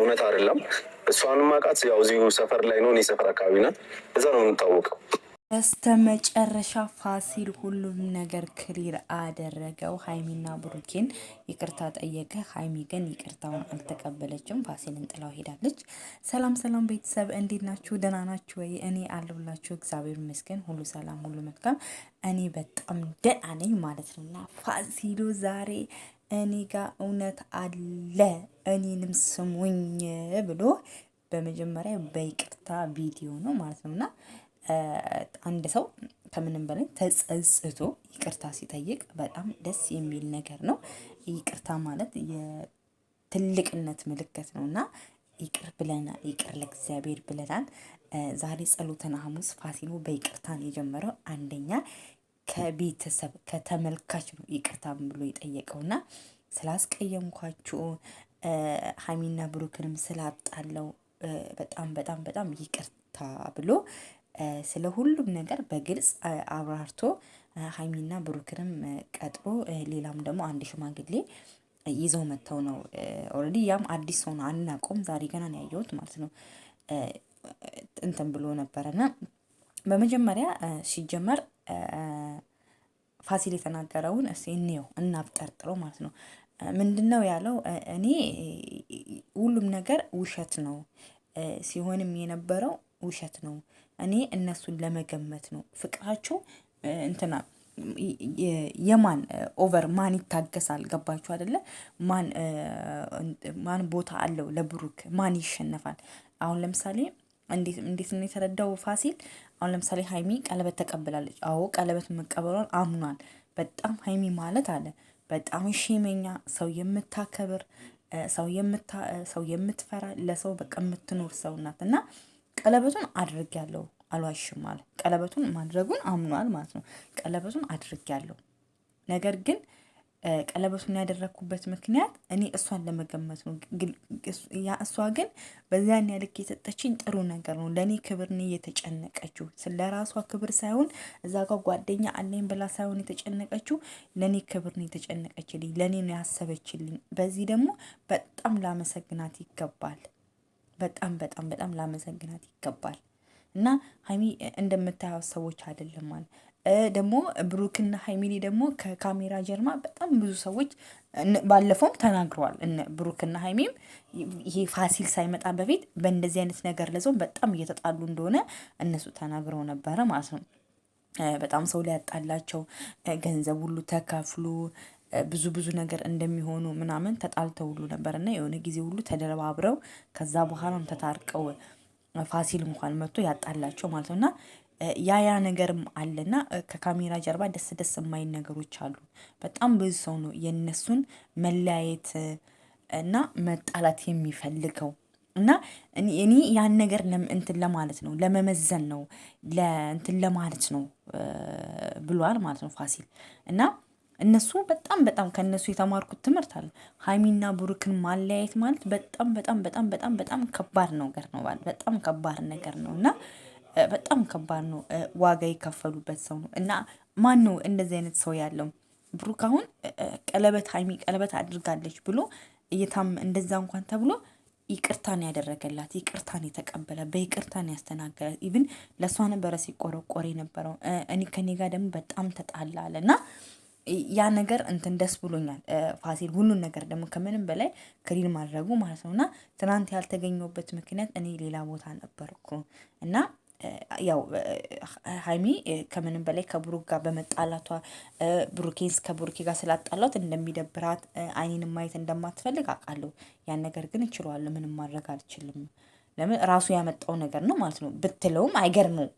እውነት አይደለም። እሷን ማቃት ያው እዚሁ ሰፈር ላይ ነው፣ እኔ ሰፈር አካባቢ ናት። እዛ ነው የምንታወቀው። በስተ መጨረሻ ፋሲል ሁሉም ነገር ክሊር አደረገው። ሀይሚና ብሩኬን ይቅርታ ጠየቀ። ሀይሚ ግን ይቅርታውን አልተቀበለችም። ፋሲልን ጥላው ሄዳለች። ሰላም ሰላም ቤተሰብ እንዴት ናችሁ? ደህና ናችሁ ወይ? እኔ አለሁላችሁ እግዚአብሔር ይመስገን፣ ሁሉ ሰላም፣ ሁሉ መልካም። እኔ በጣም ደህና ነኝ ማለት ነው እና ፋሲሉ ዛሬ እኔ ጋ እውነት አለ እኔንም ስሙኝ ብሎ በመጀመሪያ በይቅርታ ቪዲዮ ነው ማለት ነው። እና አንድ ሰው ከምንም በላይ ተጸጽቶ ይቅርታ ሲጠይቅ በጣም ደስ የሚል ነገር ነው። ይቅርታ ማለት የትልቅነት ምልክት ነው እና ይቅር ብለናል፣ ይቅር ለእግዚአብሔር ብለናል። ዛሬ ጸሎተን ሐሙስ ፋሲሉ በይቅርታ ነው የጀመረው አንደኛ ከቤተሰብ ከተመልካች ነው ይቅርታም ብሎ የጠየቀውና ስላስቀየምኳችሁ ሀሚና ብሩክንም ስላጣለው በጣም በጣም በጣም ይቅርታ ብሎ ስለ ሁሉም ነገር በግልጽ አብራርቶ ሀሚና ብሩክንም ቀጥሮ ሌላም ደግሞ አንድ ሽማግሌ ይዘው መጥተው ነው። ኦልሬዲ ያም አዲስ ሰው ነው አናቆም ዛሬ ገና ነው ያየሁት ማለት ነው። እንትን ብሎ ነበረና በመጀመሪያ ሲጀመር ፋሲል የተናገረውን እስኪ እንየው እናብጠርጥረው ማለት ነው። ምንድን ነው ያለው? እኔ ሁሉም ነገር ውሸት ነው ሲሆንም የነበረው ውሸት ነው። እኔ እነሱን ለመገመት ነው ፍቅራቸው እንትና የማን ኦቨር ማን ይታገሳል? ገባችሁ አይደለ? ማን ቦታ አለው? ለብሩክ ማን ይሸነፋል? አሁን ለምሳሌ እንዴት ነው የተረዳው ፋሲል? አሁን ለምሳሌ ሀይሚ ቀለበት ተቀብላለች። አዎ ቀለበት መቀበሏን አምኗል። በጣም ሀይሚ ማለት አለ በጣም ሺመኛ ሰው የምታከብር ሰው የምትፈራ ለሰው በቃ የምትኖር ሰው ናት እና ቀለበቱን አድርጌያለሁ አልዋሽም ማለት ቀለበቱን ማድረጉን አምኗል ማለት ነው። ቀለበቱን አድርጌያለሁ ነገር ግን ቀለበቱን ያደረግኩበት ምክንያት እኔ እሷን ለመገመት ነው። ያ እሷ ግን በዚያን ያልክ የሰጠችኝ ጥሩ ነገር ነው። ለእኔ ክብር ነው ስለ ራሷ ክብር ሳይሆን እዛ ጋር ጓደኛ አለኝ ብላ ሳይሆን የተጨነቀችው ለእኔ ክብር ነው የተጨነቀችልኝ፣ ለእኔ ነው ያሰበችልኝ። በዚህ ደግሞ በጣም ላመሰግናት ይገባል። በጣም በጣም በጣም ላመሰግናት ይገባል። እና ሀይሚ እንደምታየው ሰዎች አይደለም ማለት ደግሞ ብሩክና ሀይሚኒ ደግሞ ከካሜራ ጀርማ በጣም ብዙ ሰዎች ባለፈውም ተናግረዋል። ብሩክና ሀይሚም ይሄ ፋሲል ሳይመጣ በፊት በእንደዚህ አይነት ነገር ለዞን በጣም እየተጣሉ እንደሆነ እነሱ ተናግረው ነበረ ማለት ነው። በጣም ሰው ሊያጣላቸው ገንዘብ ሁሉ ተከፍሉ ብዙ ብዙ ነገር እንደሚሆኑ ምናምን ተጣልተው ሁሉ ነበር እና የሆነ ጊዜ ሁሉ ተደረባብረው ከዛ በኋላም ተታርቀው ፋሲል እንኳን መጥቶ ያጣላቸው ማለት ነው እና ያያ ነገርም አለና ከካሜራ ጀርባ ደስ ደስ የማይል ነገሮች አሉ። በጣም ብዙ ሰው ነው የእነሱን መለያየት እና መጣላት የሚፈልገው እና እኔ ያን ነገር እንትን ለማለት ነው ለመመዘን ነው ለእንትን ለማለት ነው ብሏል ማለት ነው ፋሲል እና እነሱ በጣም በጣም ከእነሱ የተማርኩት ትምህርት አለ። ሀይሚና ብሩክን ማለያየት ማለት በጣም በጣም በጣም በጣም በጣም ከባድ ነገር ነው። በጣም ከባድ ነገር ነው እና በጣም ከባድ ነው። ዋጋ የከፈሉበት ሰው ነው እና ማን ነው እንደዚህ አይነት ሰው ያለው? ብሩክ አሁን ቀለበት ሀይሚ ቀለበት አድርጋለች ብሎ እየታም እንደዛ እንኳን ተብሎ ይቅርታን ያደረገላት ይቅርታን የተቀበለ በይቅርታን ያስተናገላት ኢቭን ለእሷ ነበረ ሲቆረቆር የነበረው እኔ ከኔ ጋር ደግሞ በጣም ተጣላለ እና ያ ነገር እንትን ደስ ብሎኛል ፋሲል። ሁሉን ነገር ደግሞ ከምንም በላይ ክሊል ማድረጉ ማለት ነው እና ትናንት ያልተገኘበት ምክንያት እኔ ሌላ ቦታ ነበርኩ እና ያው ሀይሚ ከምንም በላይ ከብሩክ ጋር በመጣላቷ ብሩኬንስ ከብሩኬ ጋር ስላጣላት እንደሚደብራት አይኔን ማየት እንደማትፈልግ አውቃለሁ። ያን ነገር ግን እችለዋለሁ፣ ምንም ማድረግ አልችልም። ለምን ራሱ ያመጣው ነገር ነው ማለት ነው ብትለውም አይገርምም።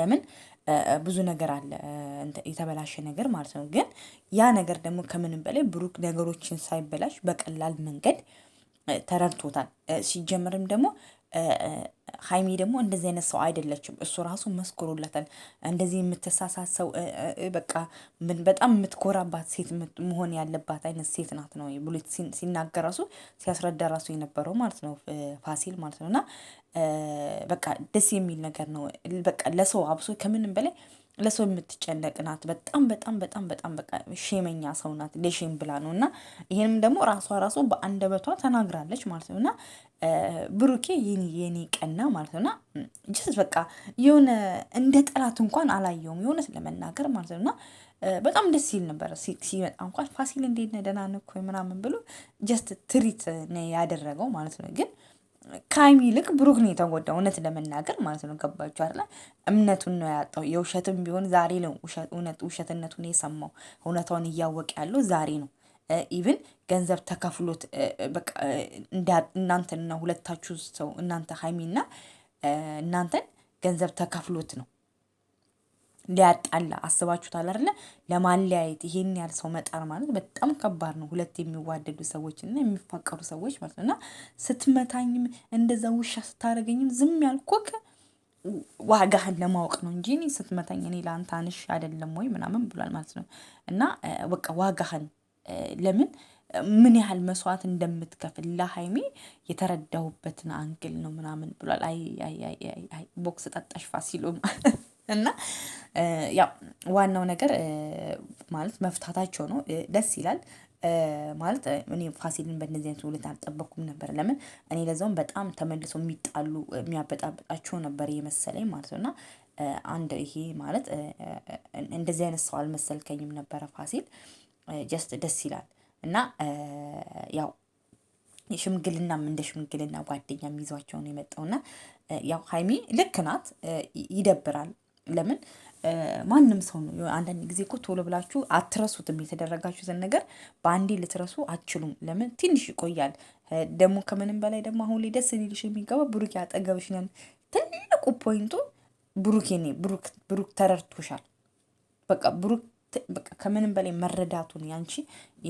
ለምን ብዙ ነገር አለ የተበላሸ ነገር ማለት ነው። ግን ያ ነገር ደግሞ ከምንም በላይ ብሩክ ነገሮችን ሳይበላሽ በቀላል መንገድ ተረድቶታል። ሲጀምርም ደግሞ ሀይሚ ደግሞ እንደዚህ አይነት ሰው አይደለችም። እሱ ራሱ መስክሮላታል። እንደዚህ የምትሳሳት ሰው በቃ በጣም የምትኮራባት ሴት መሆን ያለባት አይነት ሴት ናት ነው ብሎ ሲናገር ራሱ ሲያስረዳ ራሱ የነበረው ማለት ነው ፋሲል ማለት ነው። እና በቃ ደስ የሚል ነገር ነው። በቃ ለሰው አብሶ ከምንም በላይ ለሰው የምትጨነቅ ናት። በጣም በጣም በጣም በጣም በቃ ሼመኛ ሰው ናት። ለሼም ብላ ነው እና ይህንም ደግሞ ራሷ ራሱ በአንደበቷ ተናግራለች ማለት ነው እና ብሩኬ የኔ ቀና ማለት ነውና ጀስት በቃ የሆነ እንደ ጠላት እንኳን አላየውም የሆነ ስለመናገር ማለት ነውና በጣም ደስ ይል ነበረ ሲመጣ እንኳን ፋሲል እንዴት ነህ ደህና ነህ እኮ ምናምን ብሎ ጀስት ትሪት ያደረገው ማለት ነው ግን ከሀይሚ ይልቅ ብሩክ ነው የተጎዳው። እውነት ለመናገር ማለት ነው። ገባችሁ አይደለ? እምነቱን ነው ያጣው። የውሸትም ቢሆን ዛሬ ነው እውነት ውሸትነቱን የሰማው። እውነታውን እያወቅ ያለው ዛሬ ነው። ኢቭን ገንዘብ ተከፍሎት እናንተንና ሁለታችሁ ሰው እናንተ ሀይሚና እናንተን ገንዘብ ተከፍሎት ነው ሊያጣላ አስባችሁታል አይደለ? ለማለያየት ይሄን ያህል ሰው መጣር ማለት በጣም ከባድ ነው። ሁለት የሚዋደዱ ሰዎች እና የሚፋቀሩ ሰዎች ማለት ነው። እና ስትመታኝም እንደዛ ውሻ ስታደርገኝም ዝም ያልኩክ ዋጋህን ለማወቅ ነው እንጂ ስትመታኝ እኔ ለአንተ አንሽ አይደለም ወይ ምናምን ብሏል ማለት ነው። እና በቃ ዋጋህን ለምን ምን ያህል መስዋዕት እንደምትከፍል ለሀይሜ የተረዳሁበትን አንግል ነው ምናምን ብሏል። አይ ቦክስ ጠጣሽ ፋሲሎ ማለት እና ያው ዋናው ነገር ማለት መፍታታቸው ነው። ደስ ይላል ማለት እኔ ፋሲልን በእንደዚህ አይነት ውለት አልጠበኩም ነበር። ለምን እኔ ለዛውም በጣም ተመልሶ የሚጣሉ የሚያበጣብጣቸው ነበር የመሰለኝ ማለት ነው። እና አንድ ይሄ ማለት እንደዚህ አይነት ሰው አልመሰልከኝም ነበረ ፋሲል። ጀስት ደስ ይላል እና ያው ሽምግልናም እንደ ሽምግልና ጓደኛ የሚይዟቸው ነው ያው ሀይሚ ልክ ናት፣ ይደብራል ለምን ማንም ሰው ነው። አንዳንድ ጊዜ እኮ ቶሎ ብላችሁ አትረሱትም። የተደረጋችሁትን ነገር በአንዴ ልትረሱ አትችሉም። ለምን ትንሽ ይቆያል። ደግሞ ከምንም በላይ ደግሞ አሁን ላይ ደስ ሊልሽ የሚገባ ብሩኬ አጠገብሽ ነው። ትልቁ ፖይንቱ ብሩኬ ብሩክ ተረድቶሻል። በቃ ብሩክ በቃ ከምንም በላይ መረዳቱን ያንቺ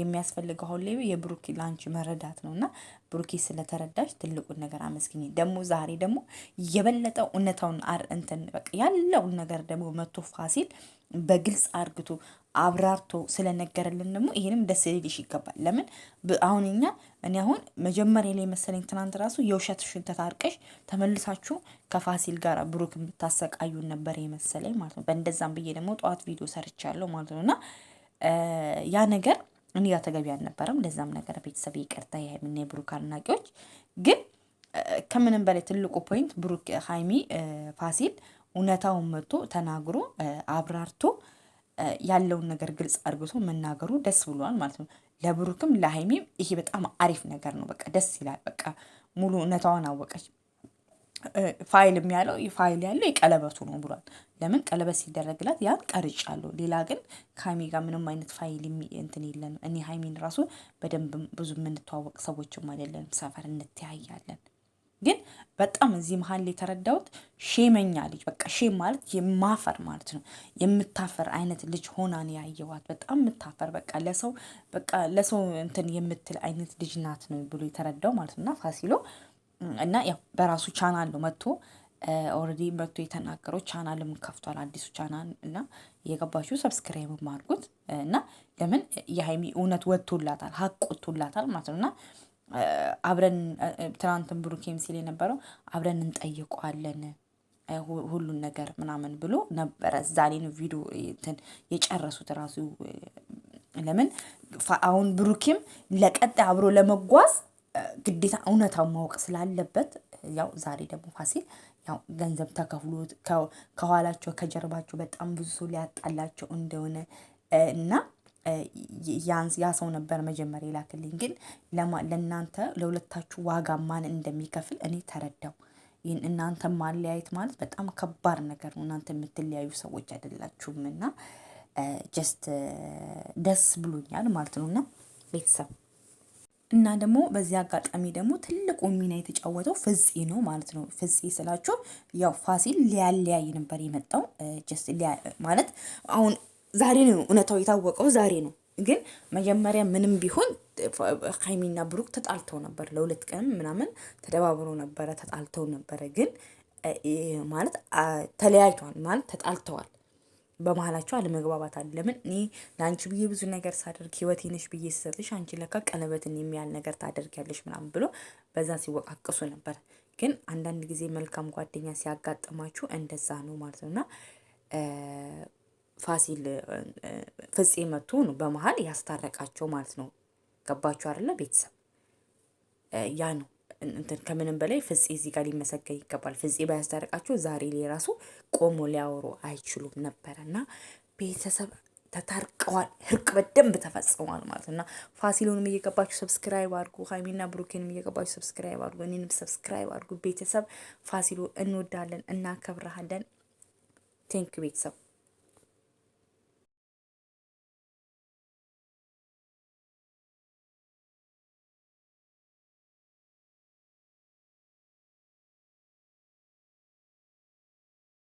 የሚያስፈልገው አሁን ላይ የብሩኬ ለአንቺ መረዳት ነው እና ብሩኬ ስለተረዳሽ ትልቁን ነገር አመስግኝ። ደግሞ ዛሬ ደግሞ የበለጠ እውነታውን አር እንትን በቃ ያለውን ነገር ደግሞ መቶ ፋሲል በግልጽ አርግቶ አብራርቶ ስለነገረልን ደግሞ ይሄንም ደስ ሊልሽ ይገባል። ለምን አሁን እኛ እኔ አሁን መጀመሪያ ላይ መሰለኝ ትናንት ራሱ ሽንተት አርቀሽ ተመልሳችሁ ከፋሲል ጋር ብሩክ የምታሰቃዩን ነበር የመሰለኝ ማለት ነው። በእንደዛም ብዬ ደግሞ ጠዋት ቪዲዮ ሰርቻለሁ ማለት ነው እና ያ ነገር እኔ ጋር ተገቢ አልነበረም። ለዛም ነገር ቤተሰብ ይቅርታ። የሃይሚና የብሩክ አድናቂዎች ግን ከምንም በላይ ትልቁ ፖይንት ብሩክ ሀይሚ ፋሲል እውነታውን መጥቶ ተናግሮ አብራርቶ ያለውን ነገር ግልጽ አድርግቶ መናገሩ ደስ ብሏል ማለት ነው። ለብሩክም ለሀይሜም ይሄ በጣም አሪፍ ነገር ነው። በቃ ደስ ይላል። በቃ ሙሉ እውነታዋን አወቀች። ፋይል ያለው ፋይል ያለው የቀለበቱ ነው ብሏል። ለምን ቀለበት ሲደረግላት ያን ቀርጫለሁ። ሌላ ግን ከሀይሜ ጋር ምንም አይነት ፋይል እንትን የለንም። እኔ ሀይሚን ራሱ በደንብ ብዙ የምንተዋወቅ ሰዎችም አይደለንም። ሰፈር እንተያያለን። ግን በጣም እዚህ መሀል የተረዳሁት ሼመኛ ልጅ በቃ ሼም ማለት የማፈር ማለት ነው። የምታፈር አይነት ልጅ ሆናን ያየዋት በጣም የምታፈር በቃ ለሰው በቃ ለሰው እንትን የምትል አይነት ልጅ ናት ነው ብሎ የተረዳው ማለት እና ፋሲሎ እና ያው በራሱ ቻናል ነው መጥቶ ኦልሬዲ መጥቶ የተናገረው ቻናልም ከፍቷል አዲሱ ቻናል እና የገባችሁ ሰብስክራይብ አድርጉት እና ለምን የሀይሚ እውነት ወጥቶላታል ሀቅ ወጥቶላታል ማለት ነው እና አብረን ትናንትን ብሩኬም ሲል የነበረው አብረን እንጠይቀዋለን ሁሉን ነገር ምናምን ብሎ ነበረ። ዛሬ ነው ቪዲዮ እንትን የጨረሱት ራሱ ለምን አሁን ብሩኬም ለቀጣይ አብሮ ለመጓዝ ግዴታ እውነታው ማወቅ ስላለበት ያው ዛሬ ደግሞ ፋሲል ያው ገንዘብ ተከፍሎት ከኋላቸው ከጀርባቸው በጣም ብዙ ሰው ሊያጣላቸው እንደሆነ እና ያ ሰው ነበር መጀመሪያ ይላክልኝ። ግን ለእናንተ ለሁለታችሁ ዋጋ ማን እንደሚከፍል እኔ ተረዳው። ይህን እናንተ ማለያየት ማለት በጣም ከባድ ነገር ነው። እናንተ የምትለያዩ ሰዎች አይደላችሁም እና ጀስት ደስ ብሎኛል ማለት ነው እና ቤተሰብ እና ደግሞ በዚህ አጋጣሚ ደግሞ ትልቁ ሚና የተጫወተው ፍፄ ነው ማለት ነው። ፍፄ ስላችሁ ያው ፋሲል ሊያለያይ ነበር የመጣው ጀስት ማለት አሁን ዛሬ ነው እውነታው የታወቀው ዛሬ ነው። ግን መጀመሪያ ምንም ቢሆን ሀይሚና ብሩክ ተጣልተው ነበር። ለሁለት ቀን ምናምን ተደባብሮ ነበረ፣ ተጣልተው ነበረ። ግን ማለት ተለያይተዋል፣ ማለት ተጣልተዋል። በመሀላቸው አለመግባባት አለ። ለምን እኔ ለአንቺ ብዬ ብዙ ነገር ሳደርግ ህይወቴ ነሽ ብዬ ስሰጥሽ አንቺ ለካ ቀለበትን የሚያል ነገር ታደርጊያለሽ ምናምን ብሎ በዛ ሲወቃቀሱ ነበር። ግን አንዳንድ ጊዜ መልካም ጓደኛ ሲያጋጥማችሁ እንደዛ ነው ማለት ነውና ፋሲል ፍጼ መቶ ነው በመሀል ያስታረቃቸው ማለት ነው። ገባችሁ አይደለ ቤተሰብ? ያ ነው እንትን ከምንም በላይ ፍፄ እዚህ ጋር ሊመሰገን ይገባል። ፍጼ ባያስታረቃቸው ዛሬ ላይ ራሱ ቆሞ ሊያወሩ አይችሉም ነበረ እና ቤተሰብ ተታርቀዋል። እርቅ በደንብ ተፈጽሟል ማለት እና ፋሲሉንም እየገባችሁ ሰብስክራይብ አድርጉ። ሀይሚና ብሩኬንም እየገባችሁ ሰብስክራይብ አድርጉ። እኔንም ሰብስክራይብ አድርጉ። ቤተሰብ ፋሲሉ እንወዳለን፣ እናከብረሃለን። ቴንክ ቤተሰብ